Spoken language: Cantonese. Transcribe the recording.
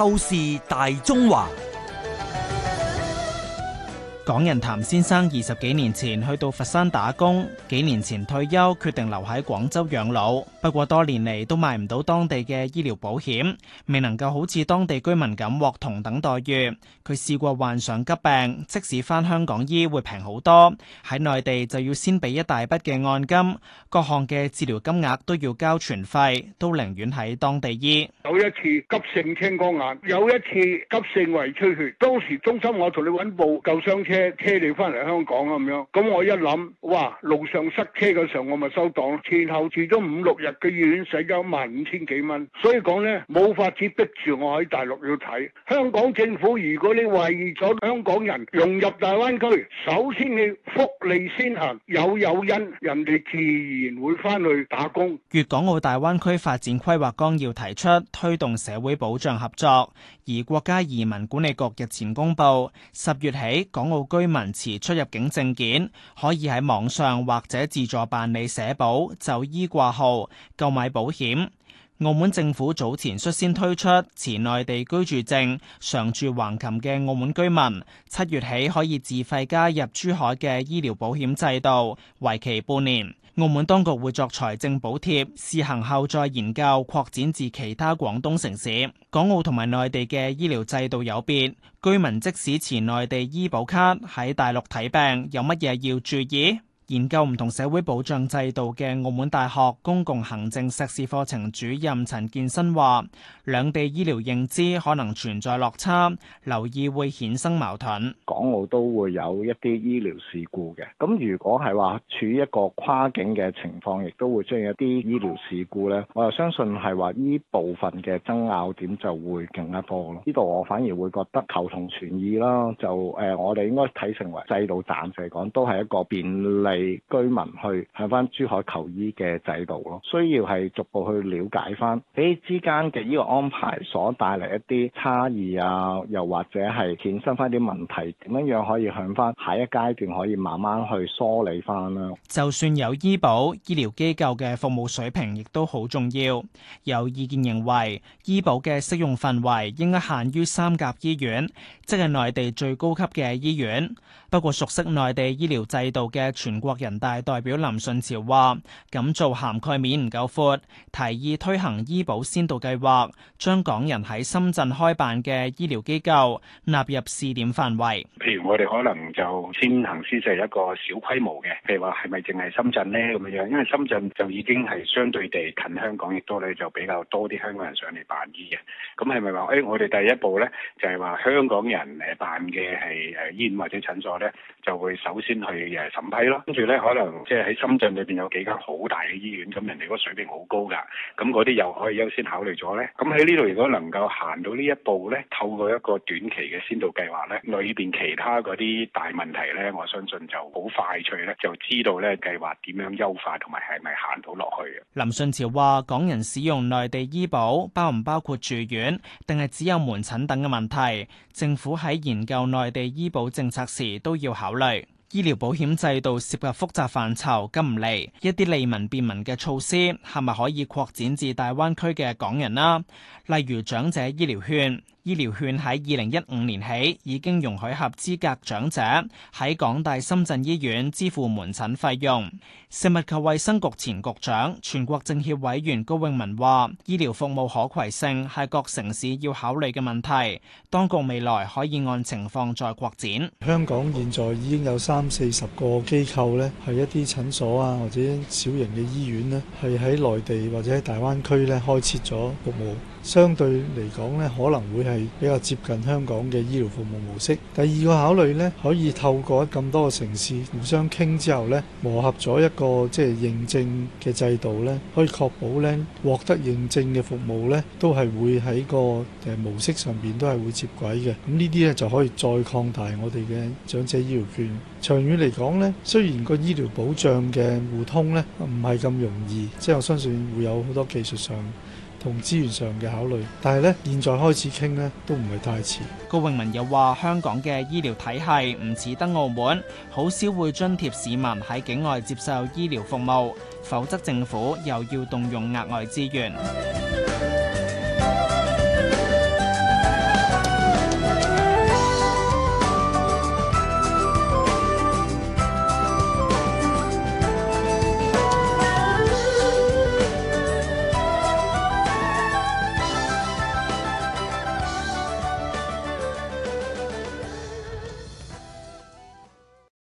透視大中華。港人譚先生二十幾年前去到佛山打工，幾年前退休，決定留喺廣州養老。不過多年嚟都買唔到當地嘅醫療保險，未能夠好似當地居民咁獲同等待遇。佢試過患上急病，即使翻香港醫會平好多，喺內地就要先俾一大筆嘅按金，各項嘅治療金額都要交全費，都寧願喺當地醫。有一次急性青光眼，有一次急性胃出血，當時中心我同你搵部救傷車，車你翻嚟香港咁樣，咁我一諗，哇，路上塞車嗰時候，我咪收檔。前後住咗五六日嘅醫院，使咗萬五千幾蚊。所以講呢，冇法子逼住我喺大陸要睇。香港政府，如果你為咗香港人融入大灣區，首先你福利先行，有誘因，人哋自然會翻去打工。《粵港澳大灣區發展規劃綱要》提出推動社會保障合作，而國家移民管理局日前公布，十月起港澳。居民持出入境證件，可以喺網上或者自助辦理社保、就醫掛號、購買保險。澳門政府早前率先推出持內地居住證常住橫琴嘅澳門居民，七月起可以自費加入珠海嘅醫療保險制度，為期半年。澳門當局會作財政補貼，試行後再研究擴展至其他廣東城市。港澳同埋內地嘅醫療制度有別，居民即使持內地醫保卡喺大陸睇病，有乜嘢要注意？研究唔同社會保障制度嘅澳門大學公共行政碩士課程主任陳建新話，兩地醫療認知可能存在落差，留意會衍生矛盾。港澳都會有一啲醫療事故嘅，咁如果係話處於一個跨境嘅情況亦都會出現一啲醫療事故咧，我又相信係話呢部分嘅爭拗點就會更加多咯。呢度我反而會覺得求同存異啦，就誒、呃、我哋應該睇成為制度暫時嚟講都係一個便利。居民去向翻珠海求醫嘅制度咯，需要係逐步去了解翻俾之間嘅呢個安排所帶嚟一啲差異啊，又或者係衍生翻啲問題點樣樣可以向翻下一階段可以慢慢去梳理翻啦。就算有醫保，醫療機構嘅服務水平亦都好重要。有意見認為醫保嘅適用範圍應該限於三甲醫院，即係內地最高級嘅醫院。不過熟悉內地醫療制度嘅全國。國人大代表林順潮話：咁做涵蓋面唔夠闊，提議推行醫保先導計劃，將港人喺深圳開辦嘅醫療機構納入試點範圍。譬如我哋可能就先行先試一個小規模嘅，譬如話係咪淨係深圳咧咁樣樣，因為深圳就已經係相對地近香港，亦多咧就比較多啲香港人上嚟辦醫嘅。咁係咪話，誒，我哋第一步咧就係話香港人誒辦嘅係誒醫院或者診所咧，就會首先去誒審批咯。咧可能即係喺深圳裏邊有幾間好大嘅醫院，咁人哋個水平好高噶，咁嗰啲又可以優先考慮咗咧。咁喺呢度如果能夠行到呢一步咧，透過一個短期嘅先導計劃咧，裏邊其他嗰啲大問題咧，我相信就好快脆咧就知道咧計劃點樣優化同埋係咪行到落去啊。林順潮話：港人使用內地醫保，包唔包括住院，定係只有門診等嘅問題？政府喺研究內地醫保政策時都要考慮。醫療保險制度涉及複雜範疇，咁唔嚟一啲利民便民嘅措施係咪可以擴展至大灣區嘅港人啦？例如長者醫療券。醫療券喺二零一五年起已經容許合資格長者喺港大深圳醫院支付門診費用。食物及衛生局前局長、全國政協委員高永文話：醫療服務可攜性係各城市要考慮嘅問題，當局未來可以按情況再擴展。香港現在已經有三四十個機構咧，係一啲診所啊，或者小型嘅醫院咧，係喺內地或者喺大灣區咧開設咗服務。相對嚟講呢，可能會係比較接近香港嘅醫療服務模式。第二個考慮呢，可以透過咁多個城市互相傾之後呢，磨合咗一個，即係，認證嘅制度呢，可以確保呢，獲得認證嘅服務呢，都係會喺一個模式上面都係會接軌嘅。咁，呢啲呢，就可以再擴大我哋嘅長者醫療券。長遠嚟講呢，雖然個醫療保障嘅互通呢，唔係咁容易，即係我相信會有好多技術上，同資源上嘅考慮，但係呢，現在開始傾呢都唔係太遲。高永文又話：香港嘅醫療體系唔似得澳門，好少會津貼市民喺境外接受醫療服務，否則政府又要動用額外資源。